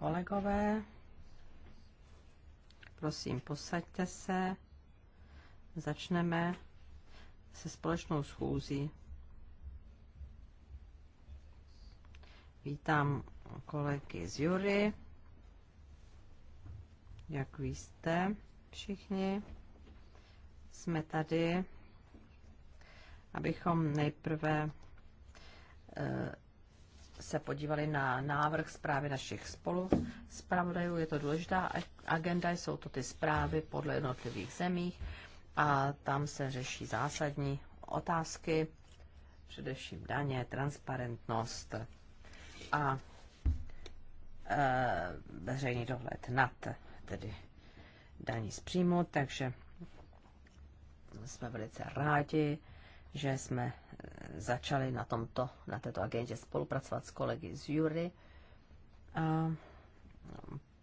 Kolegové, prosím, posaďte se. Začneme se společnou schůzí. Vítám kolegy z Jury. Jak vy jste všichni? Jsme tady, abychom nejprve eh, se podívali na návrh zprávy našich spolu zpravodajů. Je to důležitá agenda, jsou to ty zprávy podle jednotlivých zemích a tam se řeší zásadní otázky, především daně, transparentnost a e, veřejný dohled nad tedy daní z příjmu, takže jsme velice rádi, že jsme eh, začali na, tomto, na této agendě spolupracovat s kolegy z Jury a mm,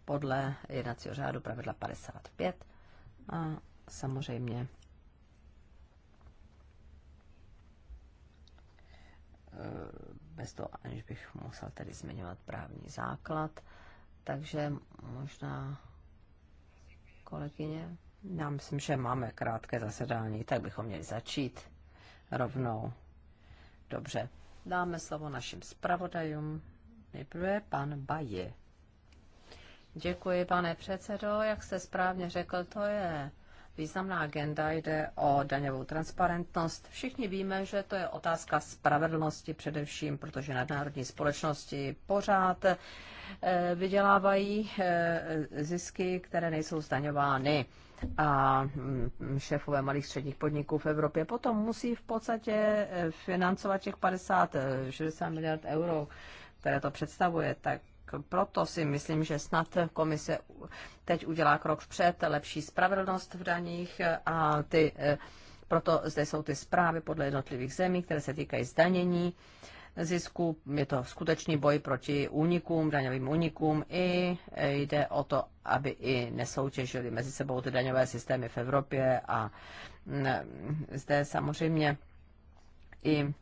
podle jednacího řádu pravidla 55 a samozřejmě eh, bez toho, aniž bych musel tedy zmiňovat právní základ. Takže možná kolegyně, já myslím, že máme krátké zasedání, tak bychom měli začít rovnou. Dobře, dáme slovo našim zpravodajům. Nejprve pan Baje. Děkuji, pane předsedo. Jak jste správně řekl, to je významná agenda. Jde o daňovou transparentnost. Všichni víme, že to je otázka spravedlnosti především, protože nadnárodní společnosti pořád eh, vydělávají eh, zisky, které nejsou zdaňovány a mm, šéfové malých středních podniků v Evropě potom musí v podstatě e, financovat těch 50-60 e, miliard euro, které to představuje, tak proto si myslím, že snad komise teď udělá krok vpřed, lepší spravedlnost v daních a ty, e, proto zde jsou ty zprávy podle jednotlivých zemí, které se týkají zdanění zisku. Je to skutečný boj proti únikům, daňovým únikům i jde o to, aby i nesoutěžili mezi sebou ty daňové systémy v Evropě a mm, zde samozřejmě e,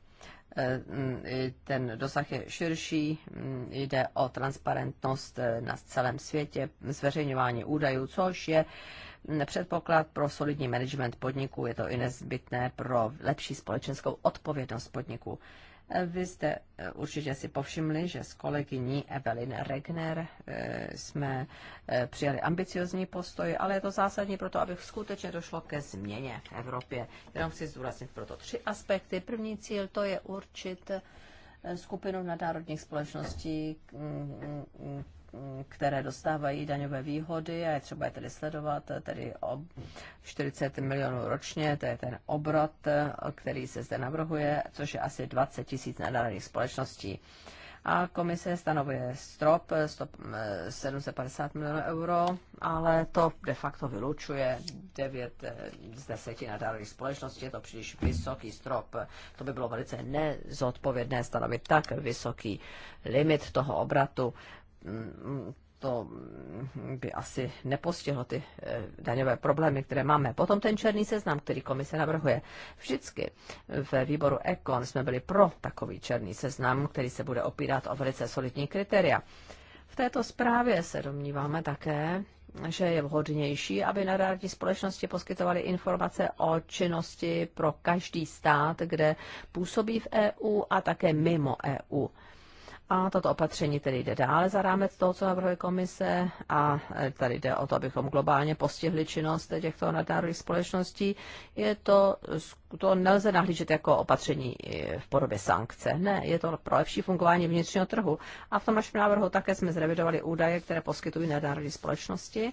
i ten dosah je širší, mm, jde o transparentnost e, na celém světě, zveřejňování údajů, což je mm, předpoklad pro solidní management podniku, je to i nezbytné pro lepší společenskou odpovědnost podniku. Vy jste eh, určitě si povšimli, že s kolegyní Evelyn Regner eh, jsme eh, přijali ambiciozní postoj, ale je to zásadní proto, aby skutečně došlo ke změně v Evropě. Jenom chci zdůraznit proto tři aspekty. První cíl to je určit skupinu nadárodních společností, mm, mm, mm, které dostávají daňové výhody a je třeba je tedy sledovat, tedy o 40 milionů ročně, to je ten obrat, který se zde navrhuje, což je asi 20 tisíc nadaných společností. A komise stanovuje strop, 750 eh, milionů euro, ale to de facto vylučuje 9 eh, z 10 nadálených společností. Je to příliš vysoký strop. To by bylo velice nezodpovědné stanovit tak vysoký limit toho obratu to by asi nepostihlo ty eh, daňové problémy, které máme. Potom ten černý seznam, který komise navrhuje. Vždycky ve výboru Econ jsme byli pro takový černý seznam, který se bude opírat o velice solidní kritéria. V této zprávě se domníváme také, že je vhodnější, aby nadnárodní společnosti poskytovaly informace o činnosti pro každý stát, kde působí v EU a také mimo EU. A toto opatření tedy jde dále za rámec toho, co navrhuje komise a e, tady jde o to, abychom globálně postihli činnost těchto nadnárodních společností. Je to, to nelze nahlížet jako opatření e, v podobě sankce. Ne, je to pro lepší fungování vnitřního trhu. A v tom našem návrhu také jsme zrevidovali údaje, které poskytují nadnárodní společnosti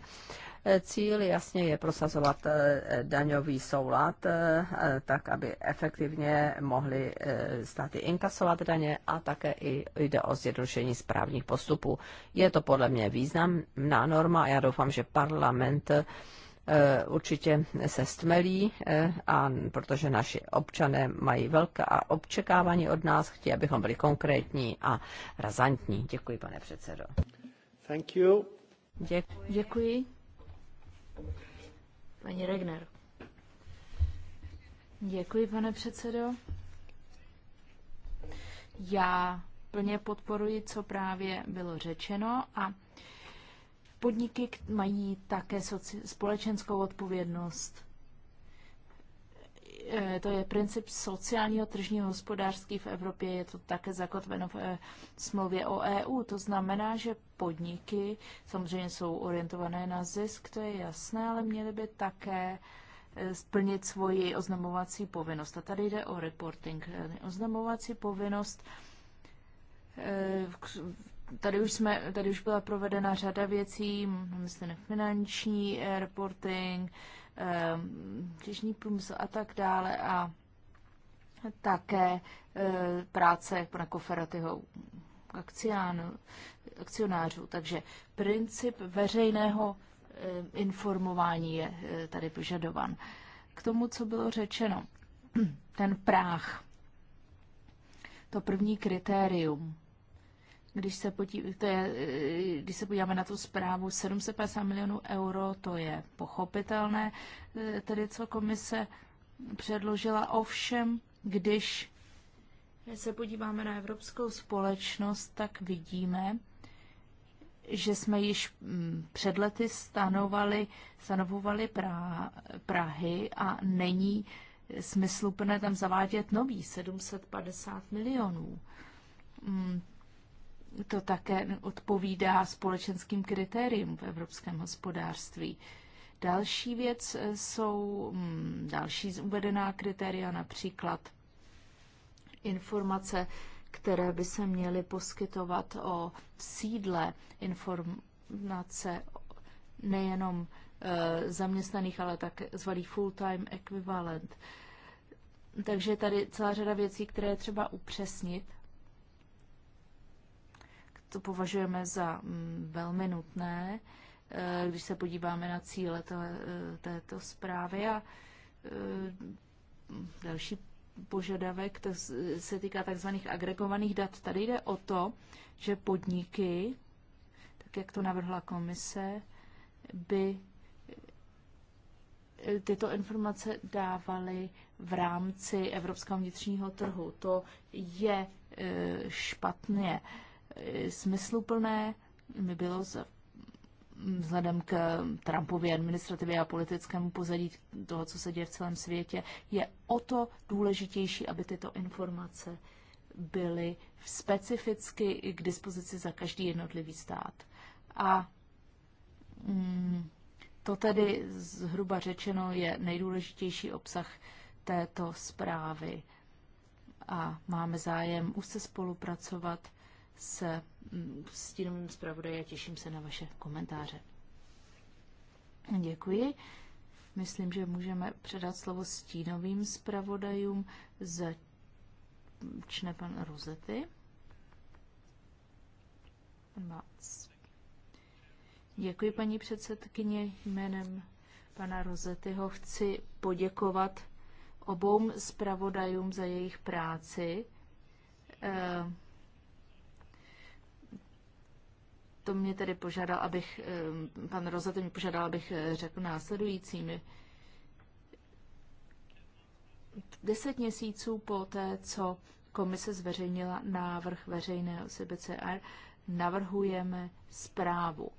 Cíl jasně je prosazovat eh, daňový soulad, eh, eh, tak aby efektivně mohly státy inkasovat daně a také i jde o zjednodušení správních postupů. Je to podle mě významná norma a já doufám, že parlament určitě se stmelí, a protože naši občané mají velká občekávání od nás, chtějí, abychom byli konkrétní a razantní. Děkuji, pane předsedo. Thank you. Děkuji. Děkuji. Paní Regner. Děkuji, pane předsedo. Já plně podporuji, co právě bylo řečeno a podniky mají také společenskou odpovědnost Eh, to je princip sociálního tržního hospodářství v Evropě, je to také zakotveno v eh, smlouvě o EU. To znamená, že podniky samozřejmě jsou orientované na zisk, to je jasné, ale měly by také eh, splnit svoji oznamovací povinnost. A tady jde o reporting. Oznamovací povinnost tady už, jsme, tady už byla provedena řada věcí, myslím finanční reporting, těžní ehm, průmysl a tak dále a také eh, práce pana Koferatyho akcionářů. Takže princip veřejného eh, informování je eh, tady požadovan. K tomu, co bylo řečeno, ten práh, to první kritérium, když se, podí, to je, eh, když se podíváme na tu zprávu, 750 milionů euro, to je pochopitelné, eh, tedy co komise předložila. Ovšem, když se podíváme na evropskou společnost, tak vidíme, že jsme již mm, před lety stanovali, stanovovali pra, Prahy a není smysluplné tam zavádět nový 750 milionů. Mm, to také odpovídá společenským kritériím v evropském hospodářství. Další věc eh, jsou mm, další uvedená kritéria, například informace, které by se měly poskytovat o sídle informace nejenom eh, zaměstnaných, ale tak zvaný full-time equivalent. Takže tady celá řada věcí, které je třeba upřesnit to považujeme za mm, velmi nutné, eh, když se podíváme na cíle to, eh, této zprávy a eh, další požadavek to se týká tzv. agregovaných dat. Tady jde o to, že podniky, tak jak to navrhla komise, by tyto informace dávaly v rámci evropského vnitřního trhu. To je špatně. Eh, smysluplné mi bylo z vzhledem k Trumpově administrativě a politickému pozadí toho, co se děje v celém světě, je o to důležitější, aby tyto informace byly specificky k dispozici za každý jednotlivý stát. A mm, to tedy zhruba řečeno je nejdůležitější obsah této zprávy. A máme zájem už se spolupracovat Mm, s stínovým zpravodají a těším se na vaše komentáře. Děkuji. Myslím, že můžeme předat slovo stínovým zpravodajům. Začne pan Rozety. Děkuji, paní předsedkyně. Jménem pana Rozetyho chci poděkovat obou zpravodajům za jejich práci. Eh, to mě tedy požádal, abych, eh, pan Rozate mě požádal, abych eh, řekl následujícími. Deset měsíců po té, co komise zveřejnila návrh veřejného CBCR, navrhujeme zprávu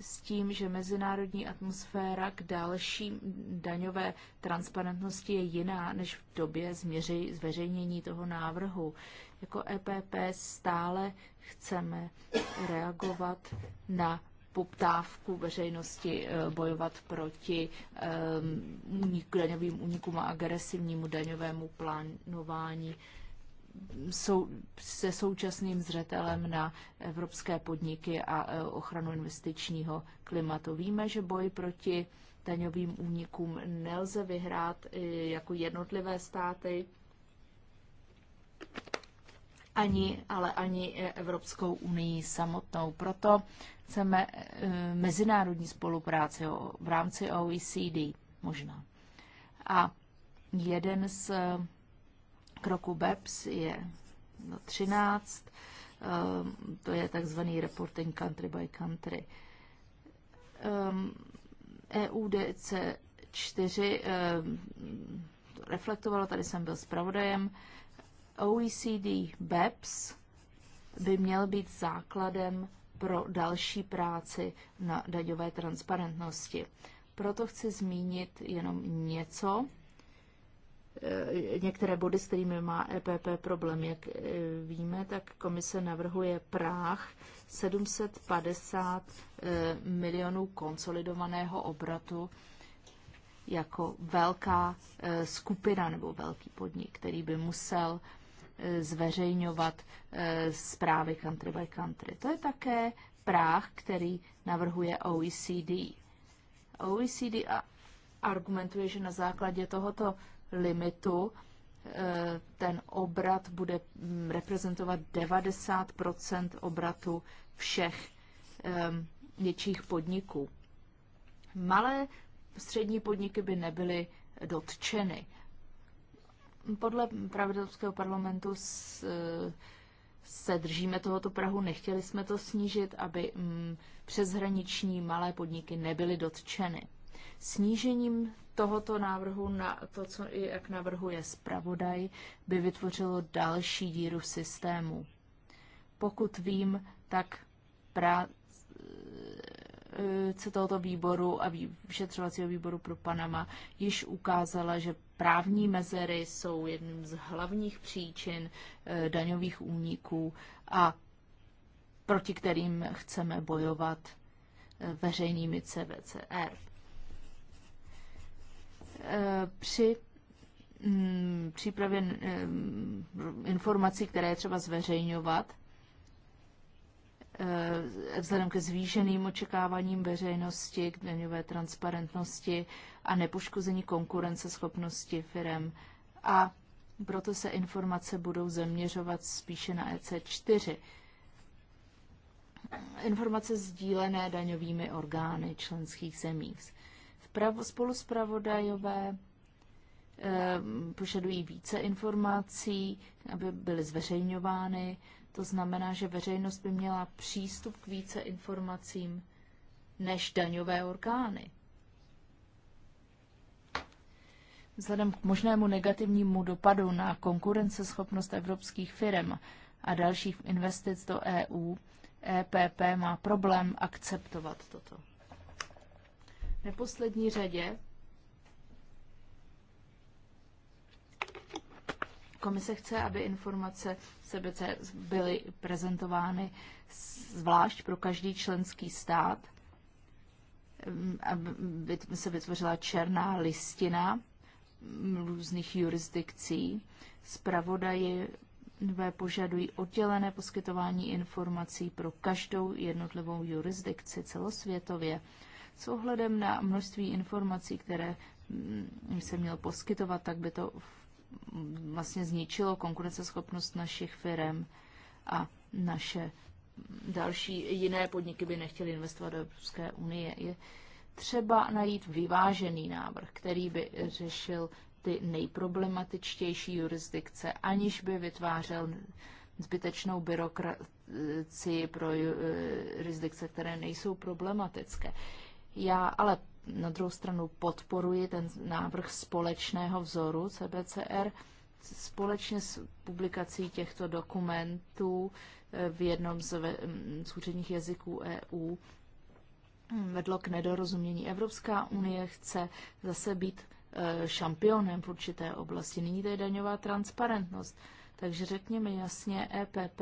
s tím, že mezinárodní atmosféra k další daňové transparentnosti je jiná než v době změři, zveřejnění toho návrhu. Jako EPP stále chceme reagovat na poptávku veřejnosti, eh, bojovat proti um, daňovým únikům a agresivnímu daňovému plánování sou, se současným zřetelem na evropské podniky a e, ochranu investičního klimatu. Víme, že boj proti daňovým únikům nelze vyhrát e, jako jednotlivé státy, ani, ale ani Evropskou unii samotnou. Proto chceme e, mezinárodní spolupráci v rámci OECD možná. A jeden z kroku BEPS je 13, ehm, to je takzvaný reporting country by country. EUDC ehm, e 4 ehm, reflektovalo, tady jsem byl zpravodajem, OECD BEPS by měl být základem pro další práci na daňové transparentnosti. Proto chci zmínit jenom něco Eh, některé body, s kterými má EPP problém. Jak eh, víme, tak komise navrhuje práh 750 eh, milionů konsolidovaného obratu jako velká skupina nebo velký podnik, který by musel zveřejňovat zprávy country by country. To je také práh, který navrhuje OECD. OECD argumentuje, že na základě tohoto limitu eh, ten obrat bude mm, reprezentovat 90 obratu všech větších eh, podniků. Malé střední podniky by nebyly dotčeny. Podle pravidelského parlamentu eh, se držíme tohoto Prahu, nechtěli jsme to snížit, aby mm, přeshraniční malé podniky nebyly dotčeny. Snížením tohoto návrhu na to, co i jak navrhuje zpravodaj, by vytvořilo další díru v systému. Pokud vím, tak práce tohoto výboru a vyšetřovacího výboru pro Panama již ukázala, že právní mezery jsou jedním z hlavních příčin eh, daňových úniků a proti kterým chceme bojovat eh, veřejnými CVCR. Eh, při mm, přípravě eh, informací, které je třeba zveřejňovat, eh, vzhledem ke zvýšeným očekáváním veřejnosti, k daňové transparentnosti a nepoškození konkurenceschopnosti firm. A proto se informace budou zaměřovat spíše na EC4. Informace sdílené daňovými orgány členských zemí. Spravo, spoluspravodajové ehm, požadují více informací, aby byly zveřejňovány. To znamená, že veřejnost by měla přístup k více informacím než daňové orgány. Vzhledem k možnému negativnímu dopadu na konkurenceschopnost evropských firm a dalších investic do EU, EPP má problém akceptovat toto neposlední řadě komise chce, aby informace CBC byly prezentovány zvlášť pro každý členský stát, mm, aby se vytvořila černá listina různých jurisdikcí. Spravodaji požadují oddělené poskytování informací pro každou jednotlivou jurisdikci celosvětově. S ohledem na množství informací, které mm, se měl poskytovat, tak by to vlastně zničilo konkurenceschopnost našich firm a naše další jiné podniky by nechtěly investovat do Evropské unie. Je třeba najít vyvážený návrh, který by řešil ty nejproblematičtější jurisdikce, aniž by vytvářel zbytečnou byrokracii pro eh, jurisdikce, které nejsou problematické. Já ale na druhou stranu podporuji ten návrh společného vzoru CBCR společně s publikací těchto dokumentů eh, v jednom z, ve, mm, z úředních jazyků EU hm, vedlo k nedorozumění. Evropská unie chce zase být eh, šampionem v určité oblasti. Nyní to je daňová transparentnost. Takže řekněme jasně, EPP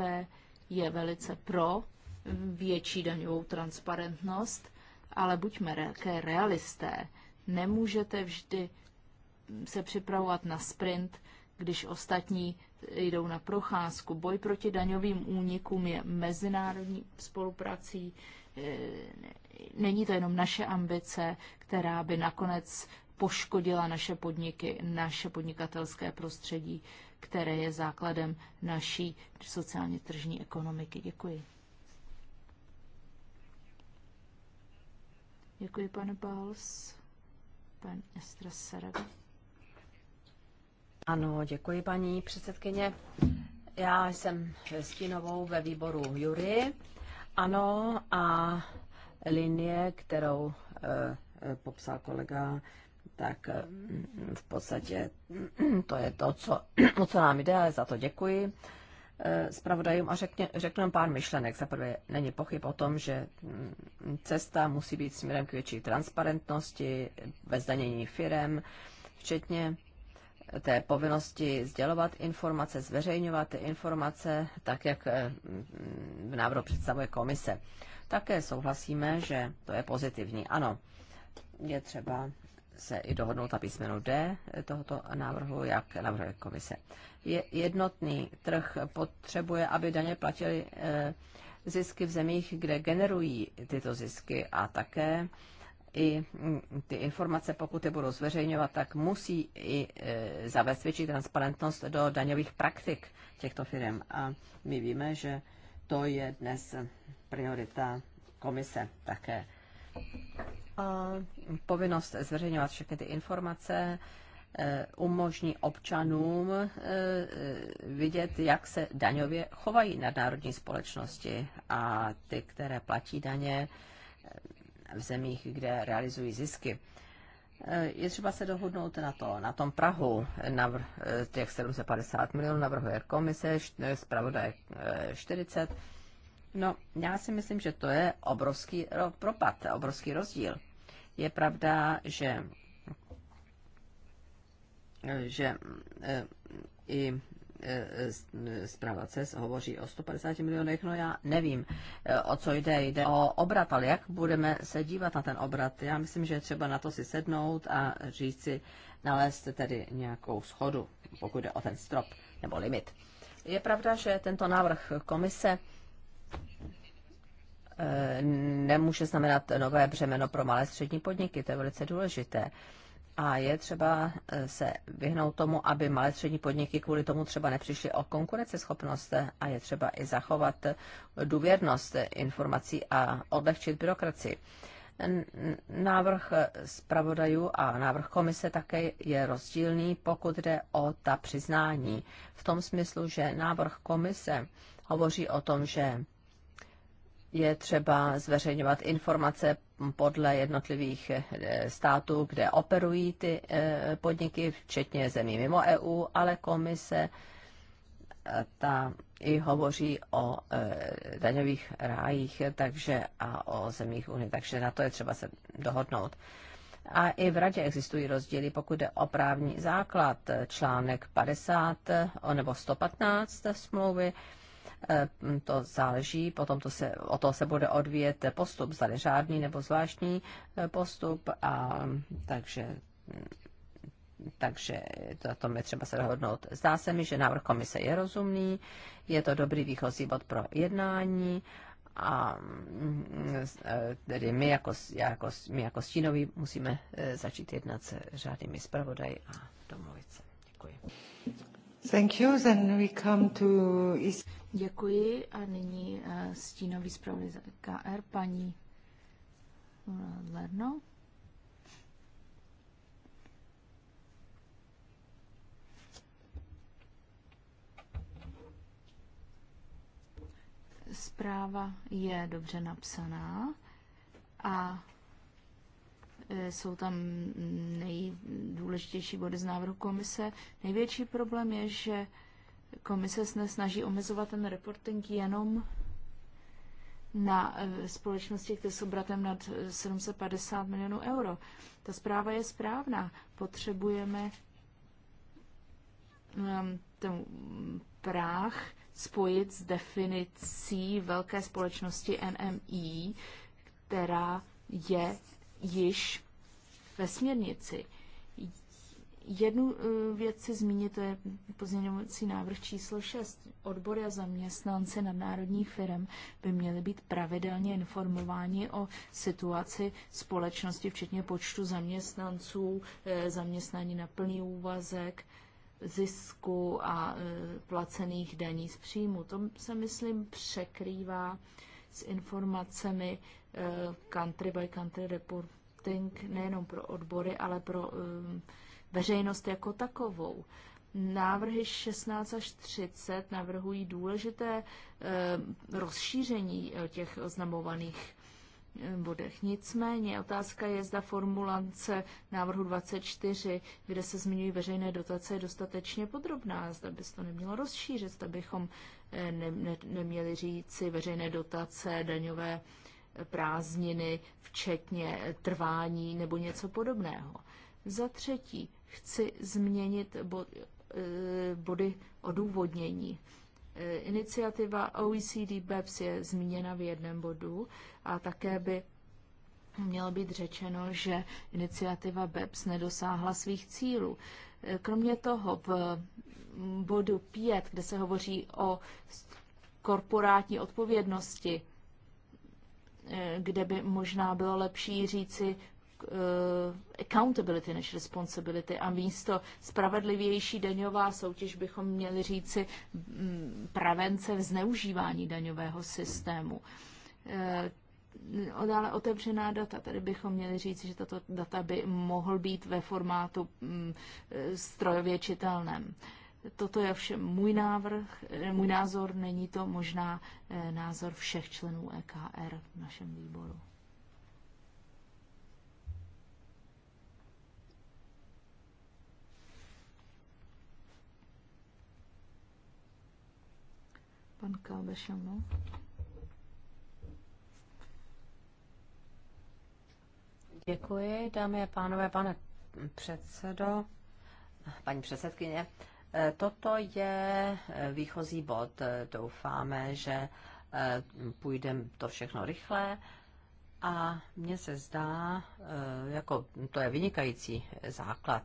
je velice pro hm, větší daňovou transparentnost ale buďme také realisté. Nemůžete vždy se připravovat na sprint, když ostatní jdou na procházku. Boj proti daňovým únikům je mezinárodní spoluprací. E, není to jenom naše ambice, která by nakonec poškodila naše podniky, naše podnikatelské prostředí, které je základem naší sociálně tržní ekonomiky. Děkuji. Děkuji, pane Bals. Pan Estra Sarada. Ano, děkuji, paní předsedkyně. Já jsem stínovou ve výboru Jury. Ano, a linie, kterou eh, eh popsal kolega, tak mm, v podstatě mm, to je to, co, o co nám jde, za to děkuji. Eh, Eh, zpravodajům a řekně, řeknu vám pár myšlenek. Za prvé, není pochyb o tom, že mm, cesta musí být směrem k větší transparentnosti ve zdanění firem, včetně eh, té povinnosti sdělovat informace, zveřejňovat ty informace, tak jak eh, mm, v návrhu představuje komise. Také souhlasíme, že to je pozitivní. Ano, je třeba se i dohodnout na písmenu D tohoto návrhu, jak navrhuje komise jednotný trh potřebuje, aby daně platili eh, zisky v zemích, kde generují tyto zisky a také i mm, ty informace, pokud je budou zveřejňovat, tak musí i eh, zavést větší transparentnost do daňových praktik těchto firm. A my víme, že to je dnes priorita komise také. A povinnost zveřejňovat všechny ty informace Eh, umožní občanům eh, eh, vidět, jak se daňově chovají nadnárodní společnosti a ty, které platí daně v zemích, kde realizují zisky. Je třeba se dohodnout na to, na tom Prahu, na těch 750 milionů navrhuje komise, zpravodaj 40. No, já si myslím, že to je obrovský propad, obrovský rozdíl. Je pravda, že že eh, i eh, zpráva CES hovoří o 150 milionech, no já nevím, eh, o co jde, jde o obrat, ale jak budeme se dívat na ten obrat? Já myslím, že třeba na to si sednout a říct si, nalézt tedy nějakou schodu, pokud jde o ten strop nebo limit. Je pravda, že tento návrh komise nemůže znamenat nové břemeno pro malé střední podniky, to je velice důležité. A je třeba eh, se vyhnout tomu, aby malé střední podniky kvůli tomu třeba nepřišly o konkurenceschopnost a je třeba i zachovat důvěrnost informací a odlehčit byrokracii. Návrh zpravodajů a návrh komise také je rozdílný, pokud jde o ta přiznání. V tom smyslu, že návrh komise hovoří o tom, že je třeba zveřejňovat informace podle jednotlivých eh, států, kde operují ty eh, podniky, včetně zemí mimo EU, ale komise eh, ta i hovoří o daňových rájích takže, a o zemích Unie, takže na to je třeba se dohodnout. A i v Radě existují rozdíly, pokud jde o právní základ, článek 50 nebo 115 smlouvy, Eh, to záleží, potom to se, o to se bude odvíjet postup, zda řádný nebo zvláštní eh, postup, a takže takže to, tom je třeba se dohodnout. Zdá se mi, že návrh komise je rozumný, je to dobrý výchozí bod pro jednání a eh, tedy my jako, jako, my jako stínoví musíme začít jednat s řádnými zpravodaji a domluvit se. Děkuji. Thank you. Then we come to... Děkuji a nyní eh, stínový zpravodaj KR, paní eh, Lerno. Zpráva je dobře napsaná Eh, jsou tam nejdůležitější body z návrhu komise. Největší problém je, že komise se snaží omezovat ten reporting jenom na eh, společnosti, které jsou bratem nad 750 eh, milionů euro. Ta zpráva je správná. Potřebujeme ehm, ten práh spojit s definicí velké společnosti NMI, která je již ve směrnici. Jednu eh, věc si zmínit, to je pozměňovací návrh číslo 6. Odbory a zaměstnanci národních firm by měly být pravidelně informováni o situaci společnosti, včetně počtu zaměstnanců, eh, zaměstnání na plný úvazek, zisku a eh, placených daní z příjmu. To se, myslím, překrývá s informacemi country by country report marketing nejenom pro odbory, ale pro um, veřejnost jako takovou. Návrhy 16 až 30 navrhují důležité um, rozšíření eh, těch oznamovaných eh, bodech. Nicméně otázka je, zda formulance návrhu 24, kde se zmiňují veřejné dotace, je dostatečně podrobná. Zda by se to nemělo rozšířit, zda bychom eh, ne, ne, neměli říci veřejné dotace, daňové prázdniny, včetně trvání nebo něco podobného. Za třetí, chci změnit e, body odůvodnění. E, iniciativa OECD BEPS je zmíněna v jednom bodu a také by mělo být řečeno, že iniciativa BEPS nedosáhla svých cílů. E, kromě toho v bodu 5, kde se hovoří o korporátní odpovědnosti, Eh, kde by možná bylo lepší říci eh, accountability než responsibility a místo spravedlivější daňová soutěž bychom měli říci mm, prevence v zneužívání daňového systému. Eh, dále otevřená data. Tady bychom měli říci, že tato data by mohl být ve formátu mm, strojově čitelném. Toto je všem můj návrh, eh, můj názor, není to možná eh, názor všech členů EKR v našem výboru. Pan Kalbešano. Děkuji, dámy a pánové, pane předsedo, paní předsedkyně. Toto je eh, výchozí bod. Doufáme, že eh, půjde to všechno rychle. A mně se zdá, eh, jako to je vynikající základ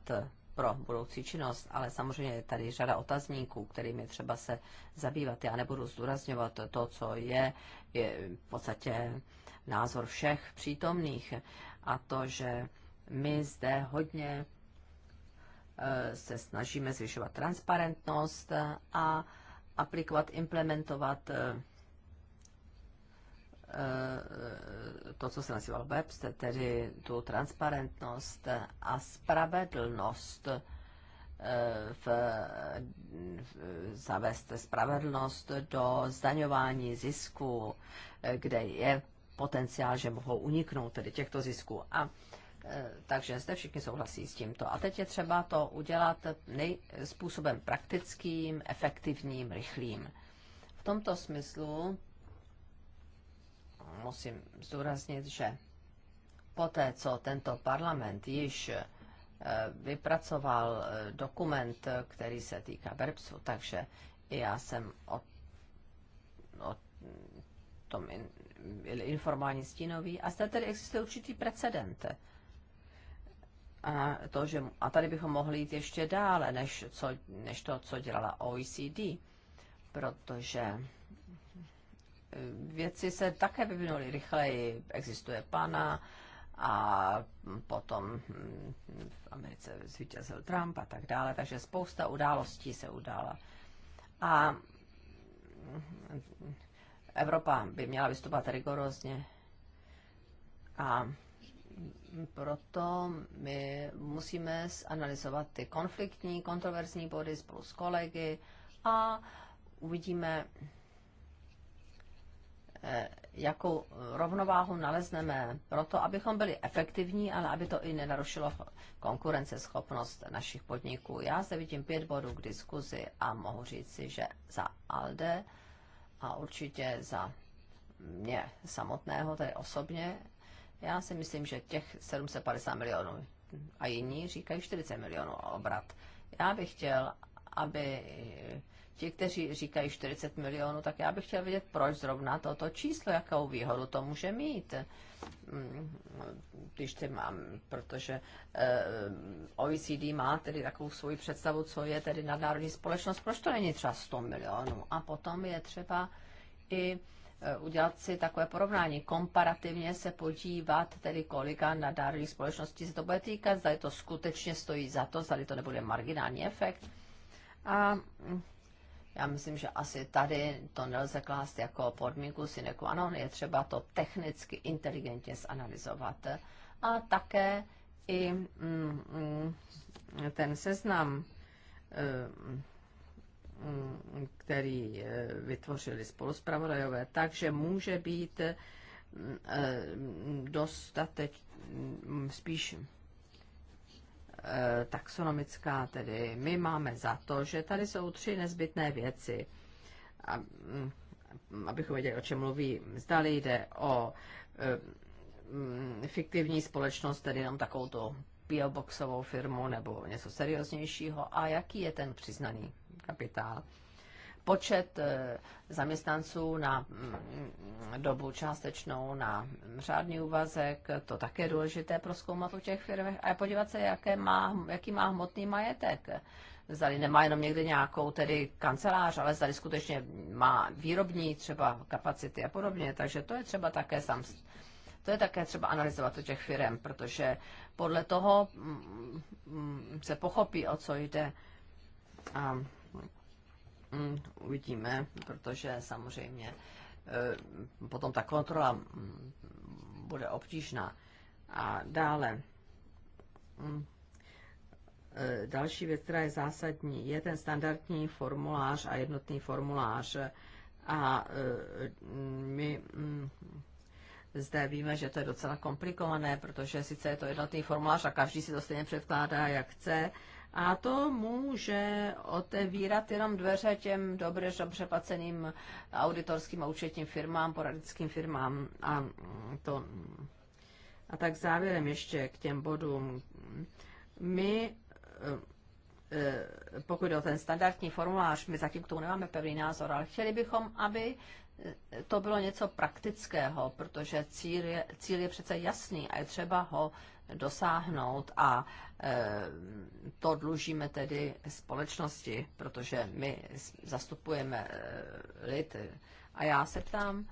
pro budoucí činnost, ale samozřejmě je tady řada otazníků, kterým je třeba se zabývat. Já nebudu zdůrazňovat to, co je, je v podstatě názor všech přítomných a to, že my zde hodně Eh, se snažíme zvyšovat transparentnost a aplikovat, implementovat eh, eh, to, co se nazýval web, tedy tu transparentnost a spravedlnost v, v, zavést spravedlnost do zdaňování zisku, kde je potenciál, že mohou uniknout tedy těchto zisků. A Eh, takže zde všichni souhlasí s tímto. A teď je třeba to udělat nej, způsobem praktickým, efektivním, rychlým. V tomto smyslu musím zdůraznit, že poté, co tento parlament již eh, vypracoval eh, dokument, který se týká BERPSu, takže já jsem o, o tom in, informální stínový. A zde tedy existuje určitý precedent. A, to, že, a tady bychom mohli jít ještě dále, než, co, než to, co dělala OECD, protože eh, věci se také vyvinuly rychleji. Existuje pana a potom hm, v Americe zvítězil Trump a tak dále, takže spousta událostí se udála. A hm, Evropa by měla vystupovat rigorózně a proto my musíme analyzovat ty konfliktní, kontroverzní body spolu s kolegy a uvidíme, eh, jakou rovnováhu nalezneme proto, abychom byli efektivní, ale aby to i nenarušilo konkurenceschopnost našich podniků. Já zde vidím pět bodů k diskuzi a mohu říci, že za ALDE a určitě za mě samotného, tedy osobně, já si myslím, že těch 750 milionů a jiní říkají 40 milionů obrat. Já bych chtěl, aby ti, kteří říkají 40 milionů, tak já bych chtěl vědět, proč zrovna toto číslo, jakou výhodu to může mít. Když ty mám, protože eh, OECD má tedy takovou svoji představu, co je tedy nadnárodní společnost, proč to není třeba 100 milionů. A potom je třeba i Eh, udělat si takové porovnání, komparativně se podívat, tedy kolika nadnárodních společností se to bude týkat, zda to skutečně stojí za to, zda to nebude marginální efekt. A mm, já myslím, že asi tady to nelze klást jako podmínku sine qua non, je třeba to technicky inteligentně zanalizovat. A také i mm, mm ten seznam eh, Mm, který eh, vytvořili spoluspravodajové, takže může být eh, dostatek mm, spíš eh, taxonomická, tedy my máme za to, že tady jsou tři nezbytné věci, mm, abychom věděli, o čem mluví. Zdali jde o fiktivní společnost, tedy jenom takovou to boxovou firmu nebo něco serióznějšího a jaký je ten přiznaný kapitál. Počet eh, zaměstnanců na mm, mm, dobu částečnou, na řádný úvazek, to také je důležité proskoumat u těch firm a podívat se, jaké má, jaký má hmotný majetek. Zdali nemá jenom někde nějakou tedy kancelář, ale zdali skutečně má výrobní třeba kapacity a podobně. Takže to je třeba také sam, to je také třeba analyzovat u těch firm, protože podle toho mm, se pochopí, o co jde. A Mm, uvidíme, protože samozřejmě eh, potom ta kontrola mm, bude obtížná. A dále mm, eh, další věc, která je zásadní, je ten standardní formulář a jednotný formulář. A eh, my zde víme, že to je docela komplikované, protože sice je to jednotný formulář a každý si to stejně předkládá, jak chce, a to může otevírat jenom dveře těm dobře, dobře placeným auditorským a účetním firmám, poradickým firmám a to. A tak závěrem ještě k těm bodům. My eh, eh, pokud jde o ten standardní formulář, my zatím k tomu nemáme pevný názor, ale chtěli bychom, aby eh, to bylo něco praktického, protože cíl je, cíl je přece jasný a je třeba ho dosáhnout a e, to dlužíme tedy společnosti, protože my zastupujeme e, lid. A já se ptám,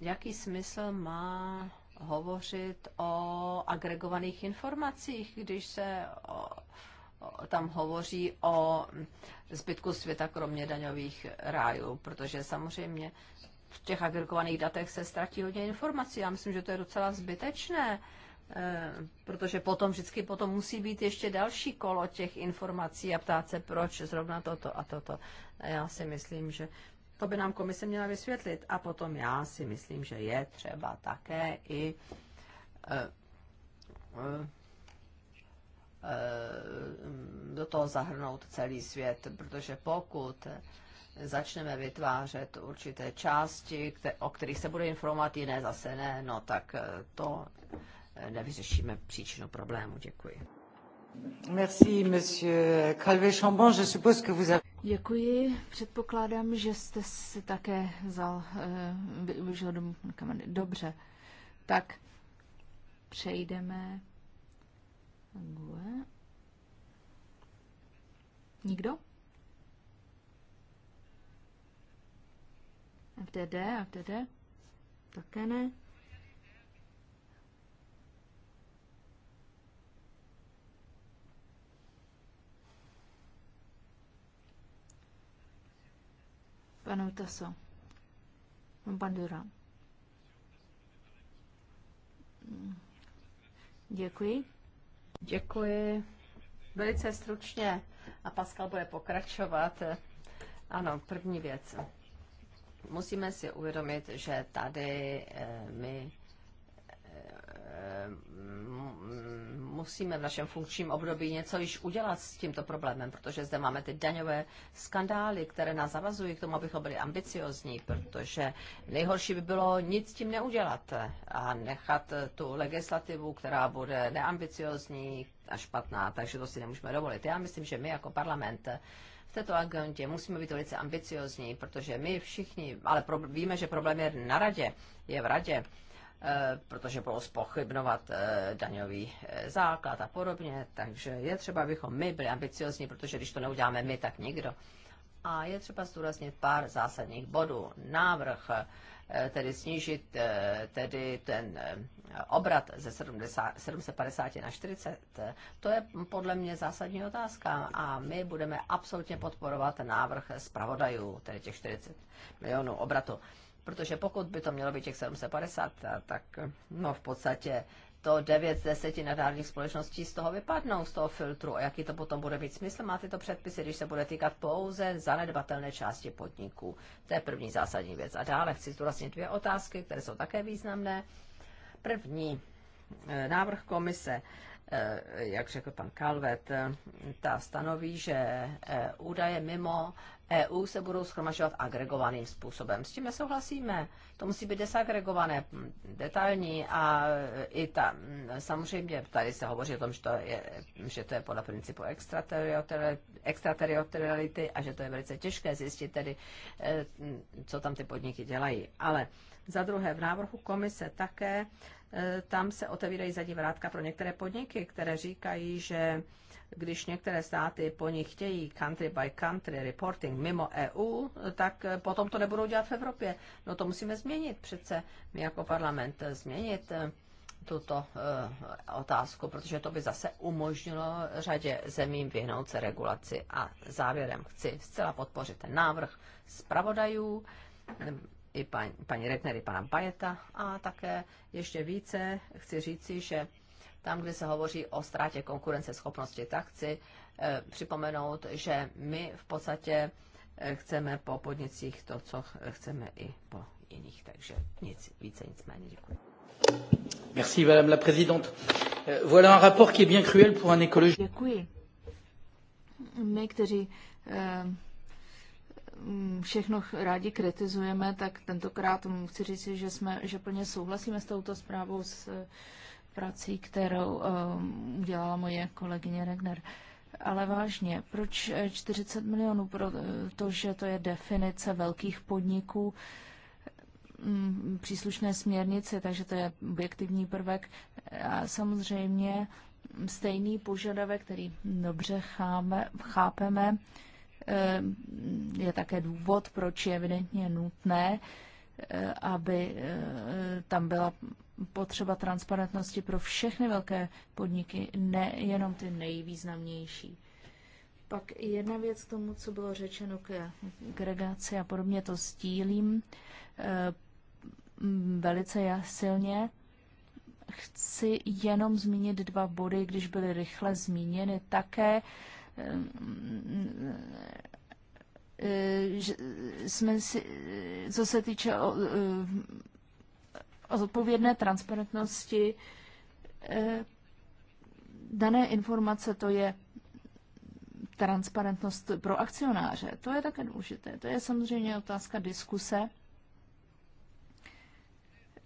jaký smysl má hovořit o agregovaných informacích, když se o, o, tam hovoří o zbytku světa, kromě daňových rájů, protože samozřejmě v těch agregovaných datech se ztratí hodně informací. Já myslím, že to je docela zbytečné. Uh, Eh, protože potom vždycky potom musí být ještě další kolo těch informací a ptát se, proč zrovna toto a toto. A já si myslím, že to by nám komise měla vysvětlit. A potom já si myslím, že je třeba také i eh, eh, do toho zahrnout celý svět, protože pokud začneme vytvářet určité části, o kterých se bude informovat, jiné zase ne, no tak to Eh, nevyřešíme příčinu problému. Děkuji. Merci, monsieur Calvé-Chambon. Je suppose que vous avez... Děkuji. Předpokládám, že jste si také vzal, eh, využil domů kameny. Dobře. Tak přejdeme. Nikdo? FDD, FDD? Také ne. taso. Bandura. Děkuji. Děkuji. Velice stručně a Pascal bude pokračovat. Ano, první věc. Musíme si uvědomit, že tady eh, my eh, musíme v našem funkčním období něco již udělat s tímto problémem, protože zde máme ty daňové skandály, které nás zavazují k tomu, abychom byli ambiciozní, protože nejhorší by bylo nic tím neudělat a nechat tu legislativu, která bude neambiciozní a špatná, takže to si nemůžeme dovolit. Já myslím, že my jako parlament v této agendě musíme být velice ambiciozní, protože my všichni, ale pro, víme, že problém je na radě, je v radě. Eh, protože bylo spochybnovat eh, daňový eh, základ a podobně. Takže je třeba, abychom my byli ambiciozní, protože když to neuděláme my, tak nikdo. A je třeba zdůraznit pár zásadních bodů. Návrh tedy snížit tedy ten obrat ze 70, 750 na 40, to je podle mě zásadní otázka a my budeme absolutně podporovat návrh zpravodajů, tedy těch 40 milionů obratu. Protože pokud by to mělo být těch 750, tak no v podstatě to 9 z 10 nadárních společností z toho vypadnou, z toho filtru. A jaký to potom bude mít smysl? Má tyto předpisy, když se bude týkat pouze zanedbatelné části podniků. To je první zásadní věc. A dále chci zdůraznit dvě otázky, které jsou také významné. První, eh, návrh komise, eh, jak řekl pan Kalvet, eh, ta stanoví, že údaje mimo EU se budou schromažovat agregovaným způsobem. S tím nesouhlasíme. To musí být desagregované, hm, detailní a e, i ta, hm, samozřejmě tady se hovoří o tom, že to je, že to je podle principu extraterritoriality a že to je velice těžké zjistit tedy, e, hm, co tam ty podniky dělají. Ale za druhé, v návrhu komise také e, tam se otevírají zadní vrátka pro některé podniky, které říkají, že když některé státy po nich chtějí country by country reporting mimo EU, tak eh, potom to nebudou dělat v Evropě. No to musíme změnit přece, my jako parlament eh, změnit eh, tuto otázku, protože to by zase umožnilo řadě zemím vyhnout se regulaci. A závěrem chci zcela podpořit ten návrh zpravodajů, i paní, paní Regner, i pana Bajeta a také ještě více chci říci, že tam, kde se hovoří o ztrátě konkurenceschopnosti, tak chci eh, připomenout, že my v podstatě eh, chceme po podnicích to, co chceme i po jiných. Takže nic více, nicméně děkuji. Merci, madame la présidente. Euh, voilà un rapport qui est bien cruel pour un écologiste. Děkuji. My, kteří eh, všechno rádi kritizujeme, tak tentokrát chci říct, že, jsme, že plně souhlasíme s touto zprávou, s prací, kterou um, udělala moje kolegyně Regner. Ale vážně, proč 40 eh, milionů? Protože eh, to je definice velkých podniků m, mm, příslušné směrnice, takže to je objektivní prvek. A samozřejmě stejný požadavek, který dobře cháme, chápeme, eh, je také důvod, proč je evidentně nutné, aby tam byla potřeba transparentnosti pro všechny velké podniky, nejenom ty nejvýznamnější. Pak jedna věc k tomu, co bylo řečeno k agregaci a podobně, to stílím eh, velice silně. Chci jenom zmínit dva body, když byly rychle zmíněny také, eh, eh, že jsme si, co se týče o zodpovědné transparentnosti eh, dané informace, to je transparentnost pro akcionáře. To je také důležité. To je samozřejmě otázka diskuse,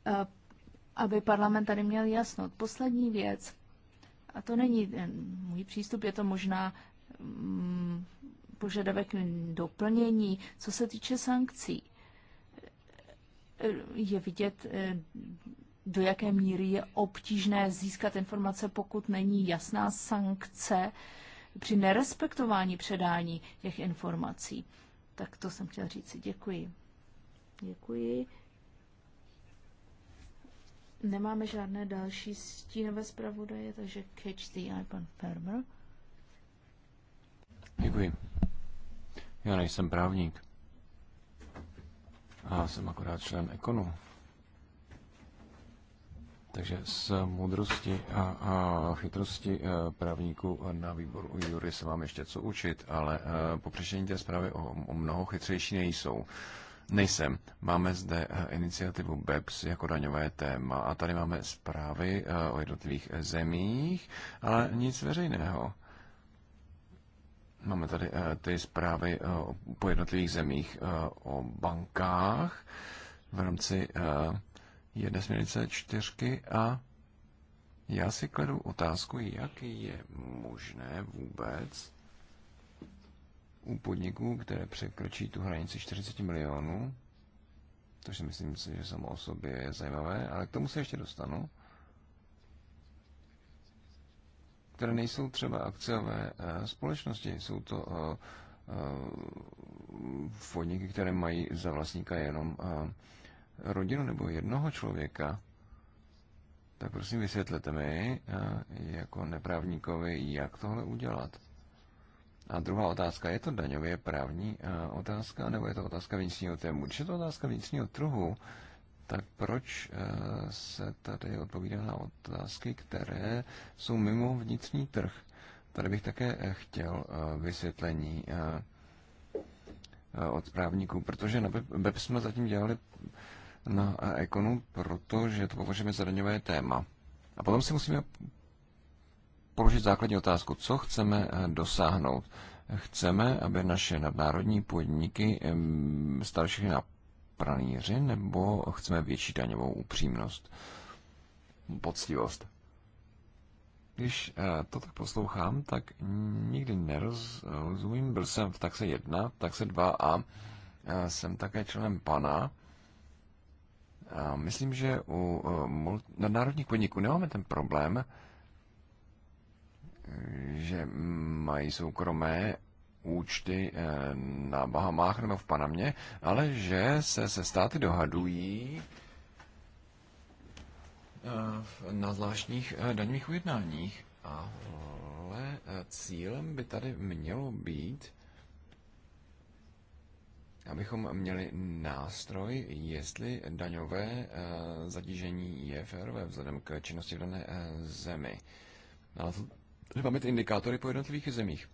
eh, aby parlament tady měl jasno. Poslední věc, a to není můj přístup, je to možná mm, požadavek doplnění, co se týče sankcí je vidět, eh, do jaké míry je obtížné získat informace, pokud není jasná sankce při nerespektování předání těch informací. Tak to jsem chtěla říct. Děkuji. Děkuji. Nemáme žádné další stínové zpravodaje, takže catch the eye, pan Fermer. Děkuji. Já nejsem právník a jsem akorát člen ekonu. Takže z moudrosti a, a chytrosti e, právníků na výboru jury se mám ještě co učit, ale e, po přečtení té zprávy o, o mnoho chytřejší nejsou. Nejsem. Máme zde e, iniciativu BEPS jako daňové téma a tady máme zprávy o jednotlivých zemích, ale nic veřejného. Máme tady eh, ty zprávy eh, po jednotlivých zemích eh, o bankách v rámci jedné směrnice čtyřky a já si kladu otázku, jak je možné vůbec u podniků, které překročí tu hranici 40 milionů, To si myslím, že samo o sobě je zajímavé, ale k tomu se ještě dostanu, které nejsou třeba akciové eh, společnosti. Jsou to eh, eh, podniky, které mají za vlastníka jenom rodinu nebo jednoho člověka. Tak prosím vysvětlete mi, jako neprávníkovi, jak tohle udělat. A druhá otázka, je to daňově právní otázka, nebo je to otázka vnitřního trhu? Když je to otázka vnitřního trhu, tak proč eh, se tady odpovídá na otázky, které jsou mimo vnitřní trh? Tady bych také eh, chtěl eh, vysvětlení od správníků, protože na BEP jsme zatím dělali na ekonu, protože to považujeme za daňové téma. A potom si musíme položit základní otázku, co chceme dosáhnout. Chceme, aby naše nadnárodní podniky starších na pranýři, nebo chceme větší daňovou upřímnost, poctivost? Když eh, to tak poslouchám, tak nikdy nerozumím. Byl jsem v taxe 1, v taxe 2 a eh, jsem také členem pana. A myslím, že u eh, národních podniků nemáme ten problém, že mají soukromé účty eh, na Bahamách nebo v Panamě, ale že se se státy dohadují eh, na zvláštních eh, daňových ujednáních. Ale cílem by tady mělo být, abychom měli nástroj, jestli daňové zatížení je férové vzhledem k činnosti v dané zemi. Ale máme ty indikátory po jednotlivých zemích.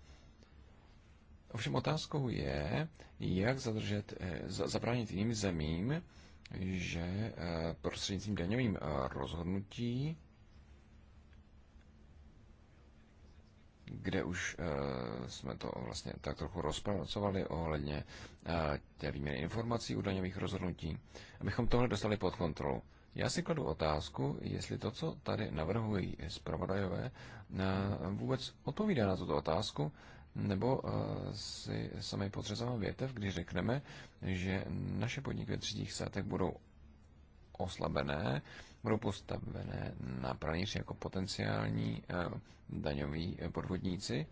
Ovšem otázkou je, jak zadržet, eh, zabránit jiným zemím, že eh, prostřednictvím daňovým eh, rozhodnutí, kde už jsme to vlastně tak trochu rozpracovali ohledně té výměny informací u daňových rozhodnutí, abychom tohle dostali pod kontrolu. Já si kladu otázku, jestli to, co tady navrhují zpravodajové, vůbec odpovídá na tuto otázku, nebo eh, si sami podřezávám větev, když řekneme, že naše podniky ve třetích státech budou oslabené, budou postavené na pranýř jako potenciální eh, daňoví eh, podvodníci,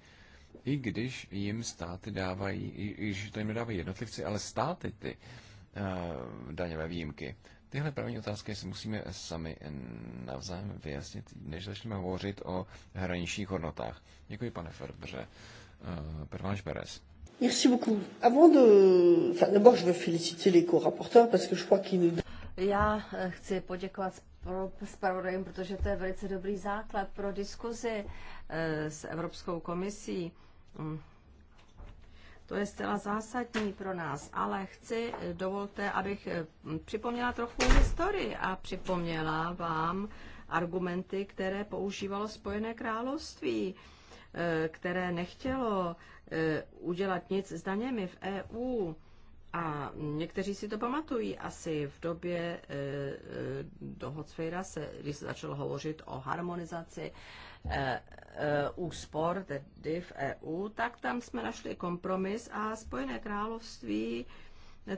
i když jim státy dávají, i když to jim nedávají jednotlivci, ale státy ty daňové výjimky. Tyhle první otázky si musíme sami navzájem vyjasnit, než začneme hovořit o hraničních hodnotách. Děkuji, pane Ferbře. Euh, Pervanš Beres. Merci beaucoup. Avant de... Enfin, d'abord, je veux féliciter les co-rapporteurs parce que je crois qu'ils nous... Já eh, chci poděkovat zpravodajům, protože to je velice dobrý základ pro diskuzi eh, s Evropskou komisí. Mm. To je zcela zásadní pro nás, ale chci, eh, dovolte, abych připomněla trochu historii a připomněla vám argumenty, které používalo Spojené království. Eh, které nechtělo eh, udělat nic s daněmi v EU, a někteří si to pamatují asi v době e, dohod se, když se začalo hovořit o harmonizaci úspor, tedy v EU, tak tam jsme našli kompromis a Spojené království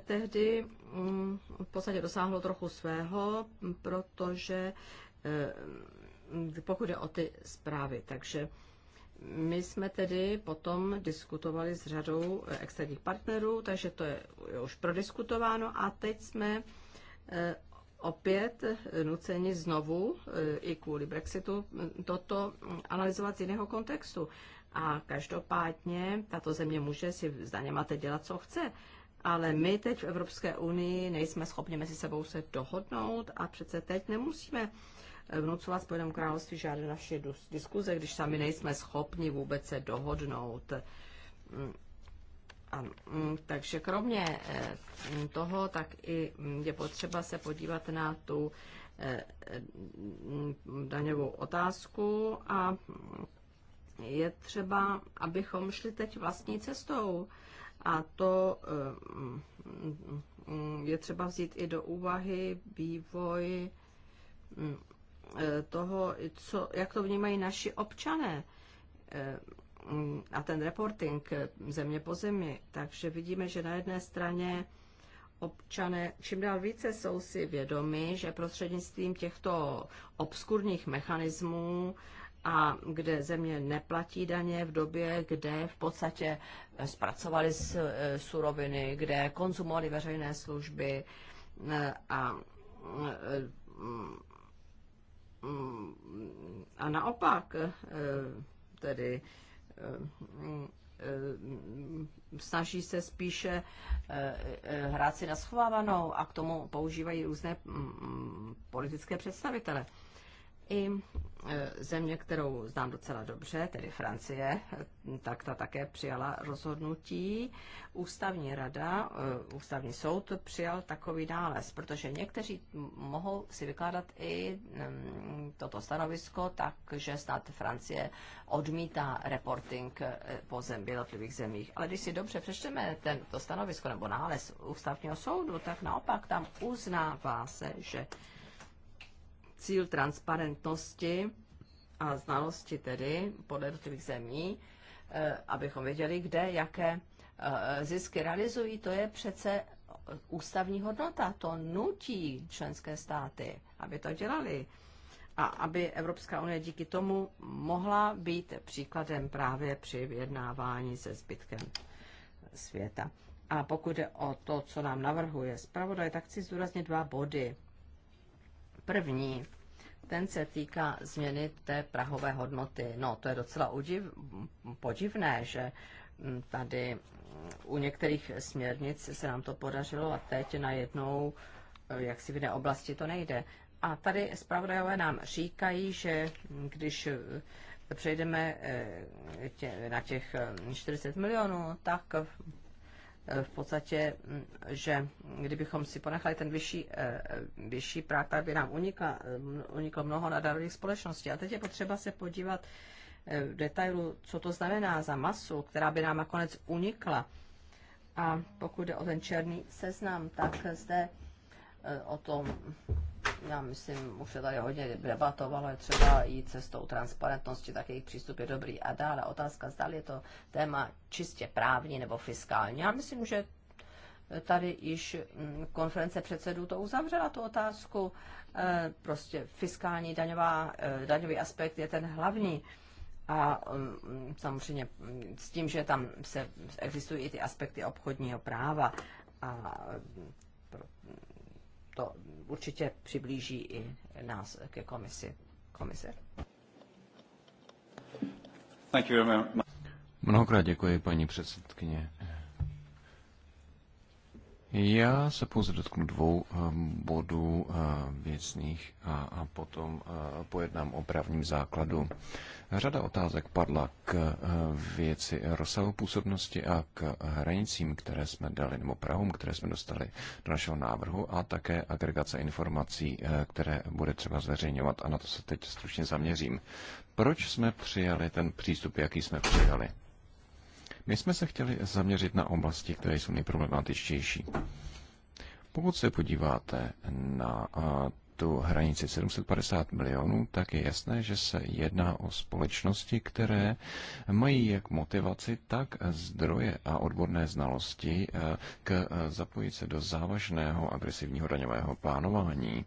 tehdy mm, v podstatě dosáhlo trochu svého, protože pokud je o ty zprávy, takže my jsme tedy potom diskutovali s řadou eh, externích partnerů, takže to je už prodiskutováno a teď jsme eh, opět nuceni znovu, eh, i kvůli Brexitu, hm, toto analyzovat z jiného kontextu. A každopádně tato země může si s teď dělat, co chce. Ale my teď v Evropské unii nejsme schopni mezi sebou se dohodnout a přece teď nemusíme vnucovat Spojenému království žádné naše diskuze, když sami nejsme schopni vůbec se dohodnout. Mm, a, mm, takže kromě eh, toho, tak i mm, je potřeba se podívat na tu eh, daňovou otázku a je třeba, abychom šli teď vlastní cestou. A to eh, je třeba vzít i do úvahy vývoj Eh, toho, co, jak to vnímají naši občané eh, a ten reporting eh, země po zemi. Takže vidíme, že na jedné straně občané čím dál více jsou si vědomi, že prostřednictvím těchto obskurních mechanismů a kde země neplatí daně v době, kde v podstatě zpracovali suroviny, kde konzumovali veřejné služby a Mm, a naopak, eh, tedy eh, eh, snaží se spíše hrát si na schovávanou a k tomu používají různé mm, mm, politické představitele i e, země, kterou znám docela dobře, tedy Francie, tak ta také přijala rozhodnutí. Ústavní rada, e, ústavní soud přijal takový nález, protože někteří mohou si vykládat i e, toto stanovisko takže stát Francie odmítá reporting po zemi, jednotlivých zemích. Ale když si dobře přečteme tento stanovisko nebo nález ústavního soudu, tak naopak tam uznává se, že cíl transparentnosti a znalosti tedy podle jednotlivých zemí, eh, abychom věděli, kde jaké eh, zisky realizují, to je přece ústavní hodnota. To nutí členské státy, aby to dělali. A aby Evropská unie díky tomu mohla být příkladem právě při vyjednávání se zbytkem světa. A pokud je o to, co nám navrhuje zpravodaj, tak chci zdůraznit dva body. První, ten se týká změny té prahové hodnoty. No, to je docela udiv, podivné, že mm, tady mm, u některých směrnic se nám to podařilo a teď najednou, eh, jak si v jiné oblasti to nejde. A tady zpravodajové nám říkají, že když eh, přejdeme eh, na těch 40 milionů, tak v podstatě, mm, že kdybychom si ponechali ten vyšší, eh, eh, vyšší práh, tak by nám unikla, mm, uniklo mnoho nadárodních společností. A teď je potřeba se podívat eh, v detailu, co to znamená za masu, která by nám nakonec unikla. A pokud jde o ten černý seznam, tak zde o tom já myslím, už se tady hodně debatovalo, je třeba jít cestou transparentnosti, tak jejich přístup je dobrý. A dále otázka, zda je to téma čistě právní nebo fiskální. Já myslím, že tady již mm, konference předsedů to uzavřela, tu otázku. Eh, prostě fiskální daňová, eh, daňový aspekt je ten hlavní. A mm, samozřejmě mm, s tím, že tam se existují i ty aspekty obchodního práva, a to určitě přiblíží i nás ke komisi. Komise. Mnohokrát děkuji, paní předsedkyně. Já se pouze dotknu dvou ehm, bodů ehm, věcných a, potom eh, pojednám o právním základu. Řada otázek padla k eh, věci rozsahu působnosti a k hranicím, které jsme dali, nebo prahům, které jsme dostali do našeho návrhu a také agregace informací, eh, které bude třeba zveřejňovat a na to se teď stručně zaměřím. Proč jsme přijali ten přístup, jaký jsme přijali? My jsme se chtěli zaměřit na oblasti, které jsou nejproblematičtější. Pokud se podíváte na tu hranici 750 milionů, tak je jasné, že se jedná o společnosti, které mají jak motivaci, tak zdroje a odborné znalosti e, k e, zapojit se do závažného agresivního daňového plánování.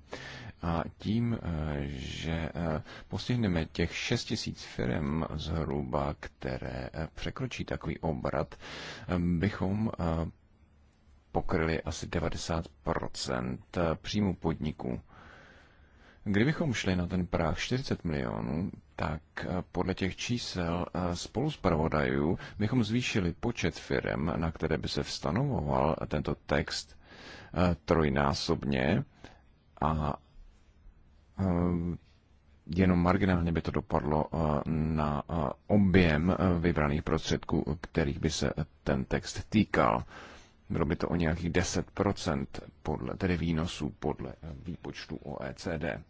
A tím, eh, že eh, postihneme těch 6 tisíc firm zhruba, které eh, překročí takový obrat, bychom pokryli asi 90% příjmu podniků. Kdybychom šli na ten práh 40 milionů, tak podle těch čísel spolu s pravodajů bychom zvýšili počet firm, na které by se vstanovoval tento text trojnásobně a Eh, jenom marginálně by to dopadlo eh, na eh, objem vybraných prostředků, kterých by se ten text týkal. Bylo by to o nějakých 10% podle, tedy výnosů podle výpočtu OECD.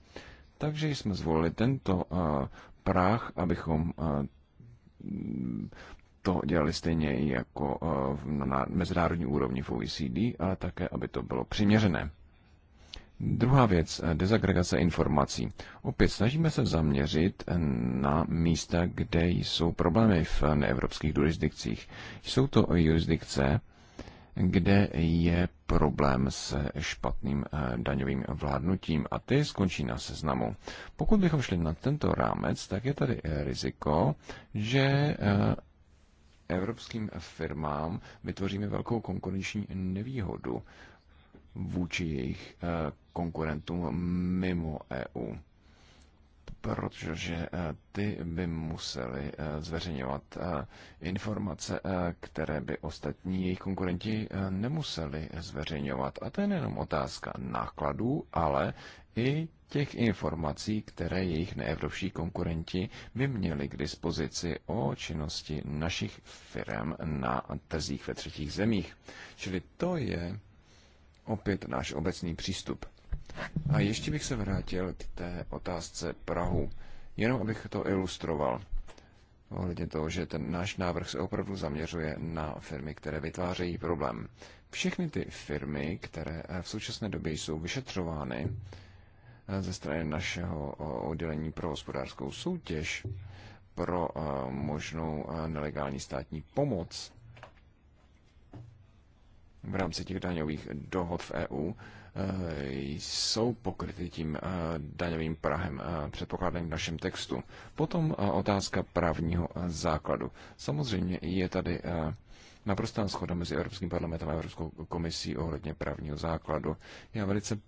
Takže jsme zvolili tento práh, abychom to dělali stejně jako na mezinárodní úrovni v OECD, ale také, aby to bylo přiměřené. Druhá věc, eh, dezagregace informací. Opět snažíme se zaměřit eh, na místa, kde jsou problémy v neevropských jurisdikcích. Jsou to jurisdikce, kde je problém se špatným eh, daňovým vládnutím a ty skončí na seznamu. Pokud bychom šli na tento rámec, tak je tady riziko, že evropským firmám vytvoříme velkou konkurenční nevýhodu vůči jejich eh, konkurentům mimo EU, protože eh, ty by museli eh, zveřejňovat informace, které by ostatní jejich konkurenti nemuseli zveřejňovat. A to je nejenom otázka nákladů, ale i těch informací, které jejich neevropští konkurenti by měli k dispozici o činnosti našich firm na trzích ve třetích zemích. Čili to je opět náš obecný přístup. A ještě bych se vrátil k té otázce Prahu, jenom abych to ilustroval. Ohledně toho, že ten náš návrh se opravdu zaměřuje na firmy, které vytvářejí problém. Všechny ty firmy, které v současné době jsou vyšetřovány eh, ze strany našeho eh, oddělení pro hospodářskou soutěž pro eh, možnou nelegální státní pomoc, v rámci těch daňových dohod v EU eh, jsou pokryty tím eh, daňovým prahem eh, předpokládaným v našem textu. Potom otázka právního základu. Samozřejmě je tady naprostá schoda mezi Evropským parlamentem a Evropskou komisí ohledně právního základu. Já velice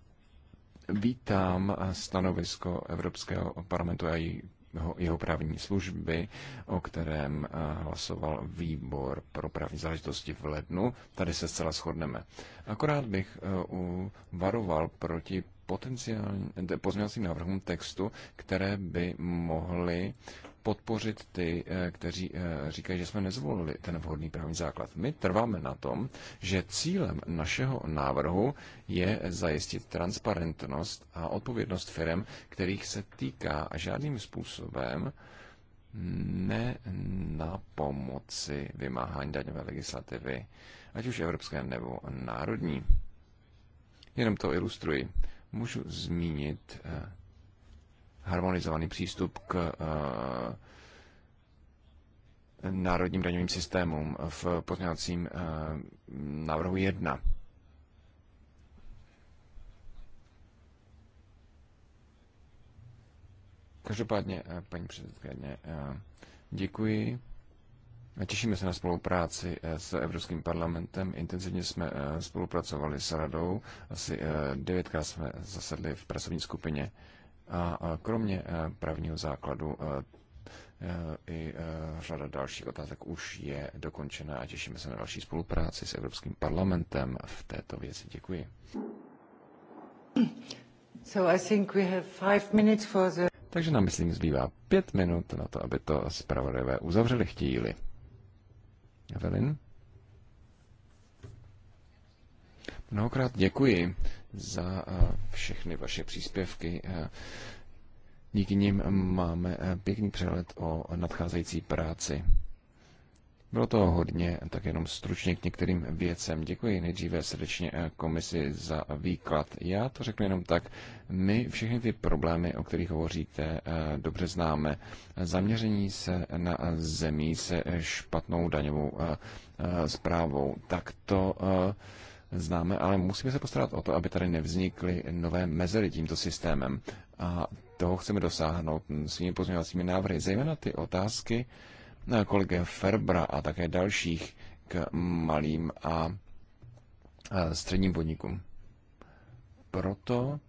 vítám stanovisko Evropského parlamentu a její jeho právní služby, o kterém eh, hlasoval výbor pro právní záležitosti v lednu. Tady se zcela shodneme. Akorát bych eh, varoval proti potenciálním eh, pozměňovacím návrhům textu, které by mohly podpořit ty, eh, kteří eh, říkají, že jsme nezvolili ten vhodný právní základ. My trváme na tom, že cílem našeho návrhu je zajistit transparentnost a odpovědnost firm, kterých se týká a žádným způsobem ne na pomoci vymáhání daňové legislativy, ať už evropské nebo národní. Jenom to ilustruji. Můžu zmínit eh, harmonizovaný přístup k eh, národním daňovým systémům v pozměňovacím eh, návrhu 1. Každopádně, eh, paní předsedkyně, děkuji. Těšíme se na spolupráci s Evropským parlamentem. Intenzivně jsme spolupracovali s radou. Asi devětkrát jsme zasedli v pracovní skupině. A kromě e, právního základu e, e, i řada dalších otázek už je dokončena a těšíme se na další spolupráci s Evropským parlamentem v této věci. Děkuji. So I think we have five minutes for the... Takže nám, myslím, zbývá pět minut na to, aby to zpravodajové uzavřeli chtíli. Evelyn? Mnohokrát děkuji za eh, všechny vaše příspěvky. Eh, díky nim máme eh, pěkný přehled o nadcházející práci. Bylo to hodně, tak jenom stručně k některým věcem. Děkuji nejdříve srdečně komisi za výklad. Já to řeknu jenom tak. My všechny ty problémy, o kterých hovoříte, dobře známe. Zaměření se na zemí se špatnou daňovou zprávou. Tak to známe, ale musíme se postarat o to, aby tady nevznikly nové mezery tímto systémem. A toho chceme dosáhnout svými pozměňovacími návrhy, zejména ty otázky eh, kolege Ferbra a také dalších k malým a eh, středním podnikům. Proto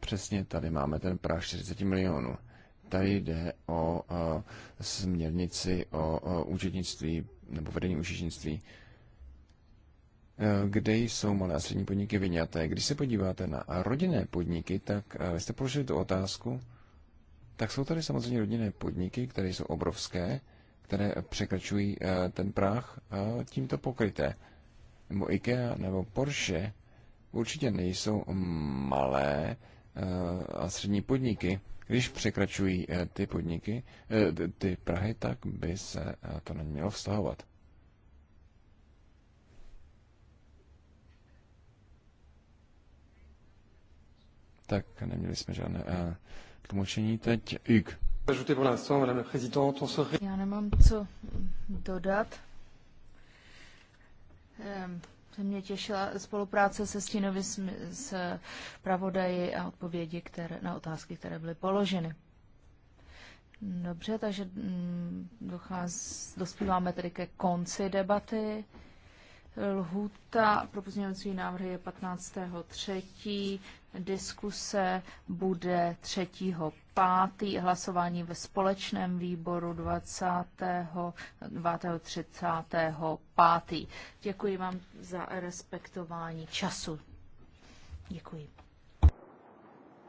přesně tady máme ten práh 40 milionů. Tady jde o, o eh, směrnici o, o účetnictví nebo vedení účetnictví Eh, kde jsou malé a střední podniky vyňaté. Když se podíváte na rodinné podniky, tak eh, vy jste položili tu otázku, tak jsou tady samozřejmě rodinné podniky, které jsou obrovské, které překračují eh, ten práh tímto pokryté. Nebo IKEA nebo Porsche určitě nejsou malé a střední podniky. Když překračují ty podniky, ty Prahy, tak by se to na ně mělo vztahovat. Tak neměli jsme žádné uh, tlumočení. Teď Hugues. Já nemám co dodat. Se mě těšila spolupráce se Stínovi s pravodaji a odpovědi které, na otázky, které byly položeny. Dobře, takže mm, dochází, dospíváme tedy ke konci debaty. Lhuta pro pozměňovací návrhy je 15.3. Diskuse bude 3.5. Hlasování ve společném výboru 20. 30. Děkuji vám za respektování času. Děkuji.